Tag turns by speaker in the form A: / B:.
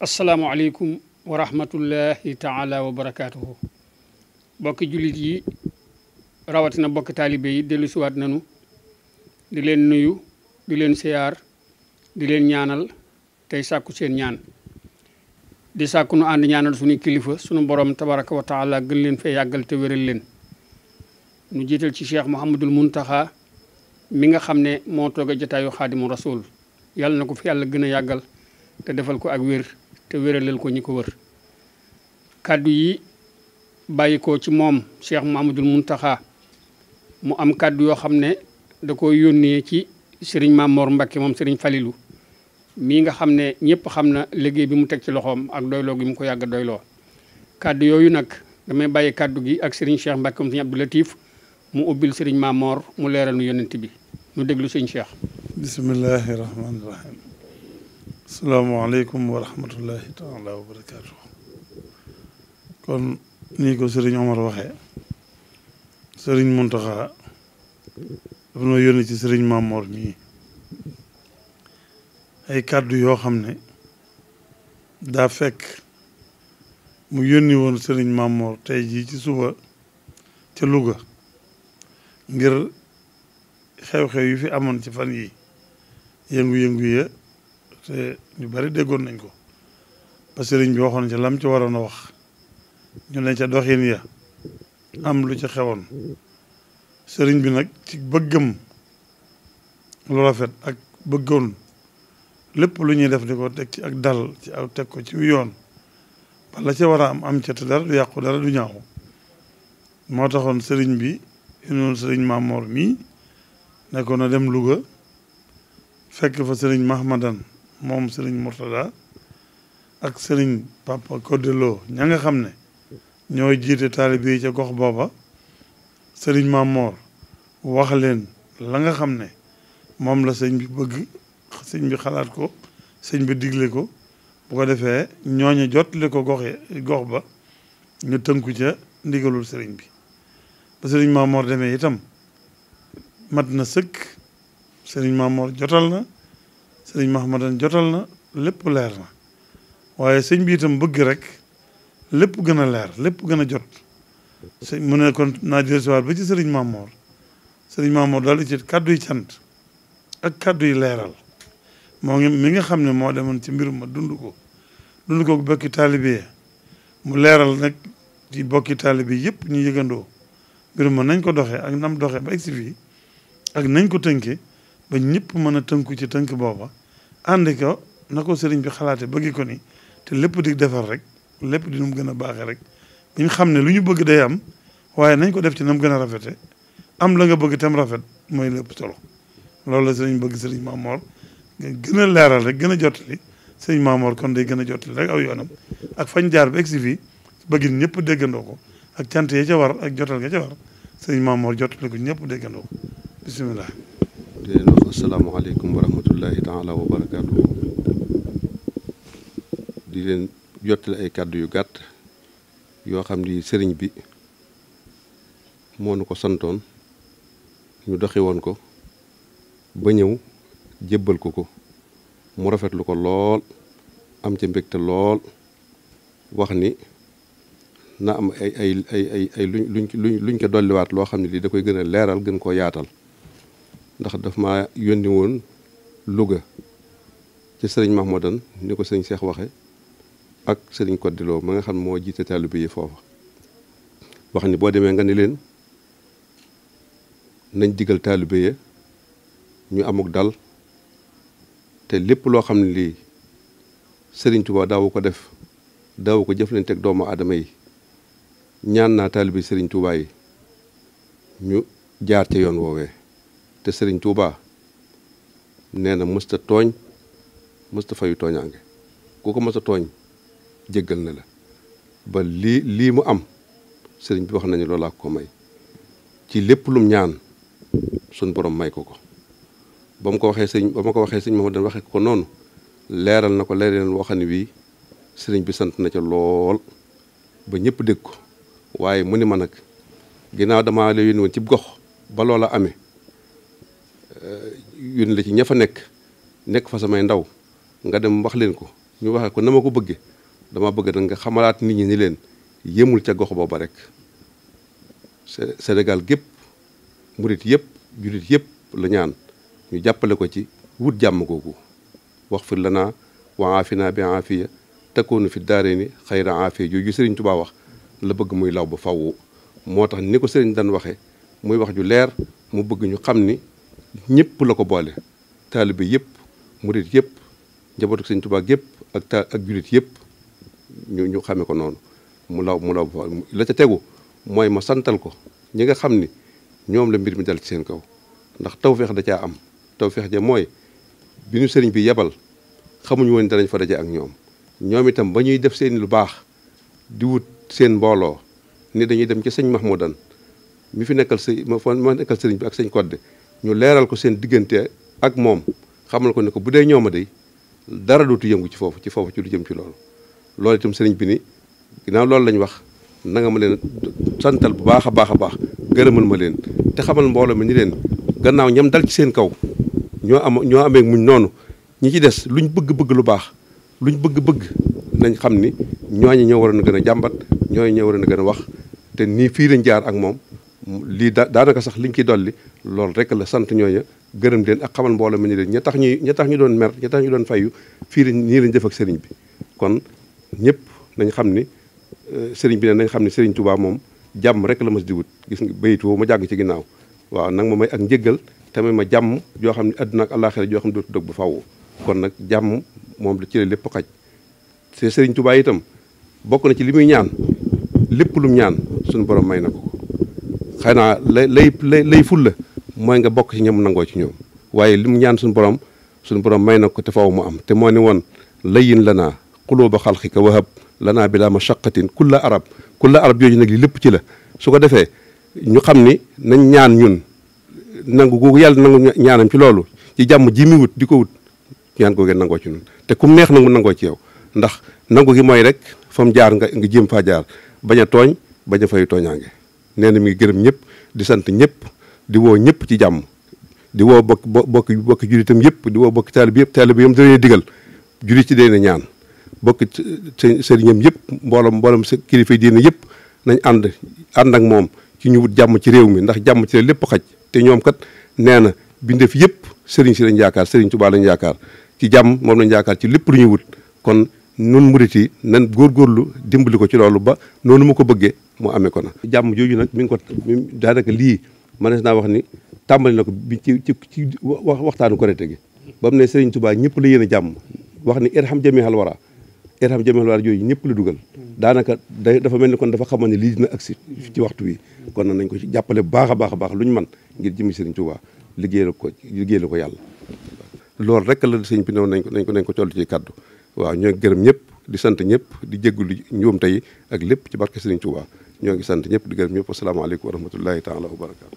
A: asalaamualeykum wa rahmatullahi taala wa barakaatuhu bokki jullit yi rawatina bokki taalibe yi dellu nanu di leen nuyu di leen siyaar di leen ñaanal tey sàkku seen ñaan di sàkku nu ànd ñaanal suñu kilifa sunu borom tabaraka wa taala gën leen fee yàggal te wéral leen nu jiital ci cheikh mouhamadul muntaxa mi nga xam ne moo toog a jataayu xaadimu rasul yàlla na ko fi yàlla gën a yàggal te defal ko ak wér te wéralal ko ñi ko wër kàddu yi bàyyi ko ci moom Cheikh Mamadul taxa mu am kàddu yoo xam ne da ko yónnee ci sëriñ Mamor Mbakke moom sëriñ Falilu mii nga xam ne ñëpp xam na liggéey bi mu teg ci loxoom ak doyloo gi mu ko yàgg a doyloo kàddu yooyu nag damay bàyyi kàddu gi ak sëriñ Cheikh Mbakke moom sëriñ la Latif mu ubbil sëriñ Mamor mu leeral nu yonent bi nu déglu
B: sëriñ Cheikh bismillahi salaamaaleykum wa rahmatullahi taala wa barakaatu kon nii ko sëriñ Omar waxee sëriñ Muntaxa dafa noo yónni ci sëriñ Mamor mii ay kàddu yoo xam ne daa fekk mu yónni woon sëriñ Mamor tey jii ci suba ci luga ngir xew-xew yu fi amoon ci fan yi yëngu-yëngu ya te ñu bari déggoon nañ ko ba sëriñ bi waxoon ci lam ci waroon a wax ñu ne ca doxin ya am lu ca xewoon sëriñ bi nag ci bëggam lu rafet ak bëggoon lépp lu ñuy def di ko teg ci ak dal ci ak teg ko ci yoon ba la ca war a am am ca te dara du yàqu dara du ñaaw moo taxoon sëriñ bi inoon sëriñ Maamoor mii nekkoon a dem Louga fekk fa sëriñ Mahmadan moom sëriñ Mourtada ak sëriñ Papa Codelo ña nga xam ne ñoo jiite taalibe yi ca gox booba sëriñ Mamor wax leen la nga xam ne moom la sëñ bi bëgg sëñ bi xalaat ko sëñ bi digle ko bu ko defee ñooñu jottali ko gox gox ba ñu tënku ca ndigalul sëriñ bi ba sëriñ Mamor demee itam mat na sëkk sëriñ Mamor jotal na sëriñ Mahamadan jotal na lépp leer na waaye sëñ bi itam bëgg rek lépp gën a leer lépp gën a jot sëñ mu ne kon naa dellusiwaat bi ci sëriñ Mamoor sëriñ Mamoor daal ci kàddu yi cant ak kàddu yi leeral moo ngi mi nga xam ne moo demoon ci mbirum ma dund ko dund ko bokki taalibe mu leeral nag ci bokki taalibe yëpp ñu yëgandoo mbirum ma nañ ko doxee ak nam doxe ba si fii ak nañ ko tënkee ba ñëpp mën a tënku ci tënk booba ànd ko na ko sëriñ bi xalaate bëgg ko ni te lépp di defar rek lépp di mu gën a baaxe rek bi ñu xam ne lu ñu bëgg day am waaye nañ ko def ci na mu gën a rafete am la nga bëgg tam rafet mooy lépp solo loolu la sëriñ bëgg sëriñ Mamor nga gën a leeral rek gën a jottali sëriñ Mamor kon day gën a jottali rek aw yoonam ak fañ jaar bi egsi fii bëgg ñëpp déggandoo ko ak cant ya ca war ak jotal nga ca war sëriñ Mamor ko ñëpp déggandoo bisimilah. di leen wax asalaamaaleykum wa rahmatullahi taala wa barakaatu
A: di leen jottali ay kàddu yu gàtt yoo xam ni sëriñ bi moo nu ko santoon ñu doxi woon ko ba ñëw jébbal ko ko mu rafetlu ko lool am ca mbégte lool wax ni na am ay ay ay ay lu luñ lu luñ ko dolliwaat loo xam ne lii da koy gën a leeral gën koo yaatal ndax daf ma yónni woon Louga ci sëriñ Mahmoudan ni ko sëriñ Cheikh waxe ak sëriñ Kodiloo ma nga xam moo jiite taalibe yi foofa wax ni boo demee nga ni leen nañ digal taalibe yi ñu amuk dal te lépp loo xam ne lii sëriñ Touba daawu ko def daawu ko jëflante ak doomu aadama yi ñaan naa taalibe sëriñ Touba yi ñu jaar ca yoon woowee te Serigne tuubaa nee na mësta tooñ mësta fayu tooñaange ku ko mësta tooñ jéggal na la ba lii lii mu am Serigne bi wax nañu loolaa ko may ci lépp lum ñaan suñ borom may ko ko ba mu ko waxee sëñ ba ma ko waxee sëñ Mouhamadou waxee ko noonu leeral na ko leeral woo xam ne bii sëriñ bi sant na ca lool ba ñépp dégg ko waaye mu ni ma nag ginnaaw damaa la yónni woon ci gox ba loola amee Euh, yun la ci ña fa nekk nekk fa samay ndaw nga dem wax leen ko ñu waxe ko na ma ko bëggee dama bëgg nag nga xamalaat nit ñi ni leen yëmul ca gox ba rek senegal gépp murit yëpp julit yëpp la ñaan ñu jàppale ko ci wut jàmm googu wax fir lanaa wa aafina bi aafiya takkoonu fi daare ni xayra aafiya jooju sëriñ Tuubaa wax la bëgg muy law ba fawwu moo tax ni ko sëriñ daan waxe muy wax ju leer mu bëgg ñu xam ni ñëpp la ko boole taalibe yëpp murit yëpp njabootu sëñ tubaak yëpp ak ta jullit yëpp ñu ñu xamee ko noonu mu law mu law la ca tegu mooy ma santal ko ñi nga xam ni ñoom la mbir mi dal ci seen kaw ndax taw tawfeex da caa am tawfeex ja mooy bi ñu sëriñ bi yebal xamuñu woon danañ fa daje ak ñoom ñoom itam ba ñuy def seen lu baax di wut seen mbooloo ni dañuy dem ci sëñ Mahmoudan mi fi nekkal sëñ ma fa ma nekkal sëriñ bi ak sëñ Kodde ñu leeral ko seen diggante ak moom xamal ko ne ko bu dee ñooma day dara dootu yëngu ci foofu ci foofu ci lu jëm ci loolu loolu itam sëriñ bi ni ginnaaw loolu lañ wax na nga ma leen santal bu baax a baax a baax gërëmal ma leen te xamal mbooloo mi ni leen gannaaw ñam dal ci seen kaw ñoo am ñoo amee muñ noonu ñi ci des lu luñ bëgg-bëgg lu baax lu ñu bëgg-bëgg nañ xam ni ñooñu ñoo waroon a gën a jàmbat ñooñu ñoo waroon a gën a wax te nii fii lañ jaar ak moom lii da daanaka sax liñ ciy dolli loolu rek la sant ñooña gërëm leen ak xamal mbooloo mi ni leen ña ñuy ña ñu doon mer ña tax ñu doon fayu fii lañ nii lañ def ak bi kon ñëpp nañ xam ni euh, sëriñ bi ne nañ xam ni sëriñ Touba moom jàmm rek la mas di gis nga bayit woo ma jàng ci ginnaaw waaw nag ma may ak njëggal tamit ma jàmm joo xam ne àdduna ak àllaaxira joo xam ne dootu dog bu faww kon nag jàmm moom la ci lépp xaj te sëriñ itam bokk na ci li muy ñaan lépp lum ñaan suñu borom may na ko xanaa lay lay lay lay fulla mooy nga bokk ci ñam nangoo ci ñoom waaye li mu ñaan suñu borom suñu borom may na ko te faw mu am te moo ni woon layin lanaa xulóoba xalqika wahab lanaa bilaa mashaqatin kulla arab kulla arab yooyu nag li lépp ci la su ko defee ñu xam ni nañ ñaan ñun nangu googu yàlla nangu ñaanam ci loolu ci jàmm ji mi wut di ko wut ñaan googu nangoo ci ñun te kum neex nag mu nangoo ci yow ndax nangu gi mooy rek fa jaar nga nga jéem faa jaar bañ a tooñ bañ a fayu tooñaange nee na mi ngi gërëm ñëpp di sant ñëpp di woo ñëpp ci jàmm di woo bokk bokk bokki jullitam yëpp di woo bokki taalibe yëpp taalibe yam di digal julli ci dee na ñaan bokki sëriñam yëpp mboolam mboolam kilifa yi yëpp nañ ànd ànd ak moom ci ñu wut jàmm ci réew mi ndax jàmm ci la lépp xaj te ñoom kat nee na bindeef yëpp sëriñ si lañ yaakaar sëriñ Tuubaa lañ yaakaar ci jàmm moom lañ yaakaar ci lépp lu ñuy wut kon nun murit yi nan góorgóorlu dimbali ko ci loolu ba noonu ma ko bëggee mu amee ko na jàmm jooju nag mi ngi ko daanaka lii mënees naa wax ni tàmbali na ko bi ci ci ci waxtaanu korite gi ba mu ne Serigne Touba ñëpp la yéen a jàmm wax ni irham jamihal wara irham jamihal wara jooju ñëpp la dugal daanaka da dafa mel ni kon dafa xamoon ne lii dina agsi ci waxtu wi kon nag nañ ko ci jàppale baax a baax a baax lu ñu man ngir jëmi Serigne Touba liggéeyal ko liggéeyal ko yàlla loolu rek la sëñ bi ne nañ ko nañ ko nañ ko toll ci kàddu waaw ñoo ngi gërëm ñëpp di sant ñëpp di jéggulu njuum tey ak lépp ci barke Serigne Touba ñoo ngi sant ñëpp di gërëm ñëpp asalaamaaleykum wa rahmatullahi taala wa barakaatu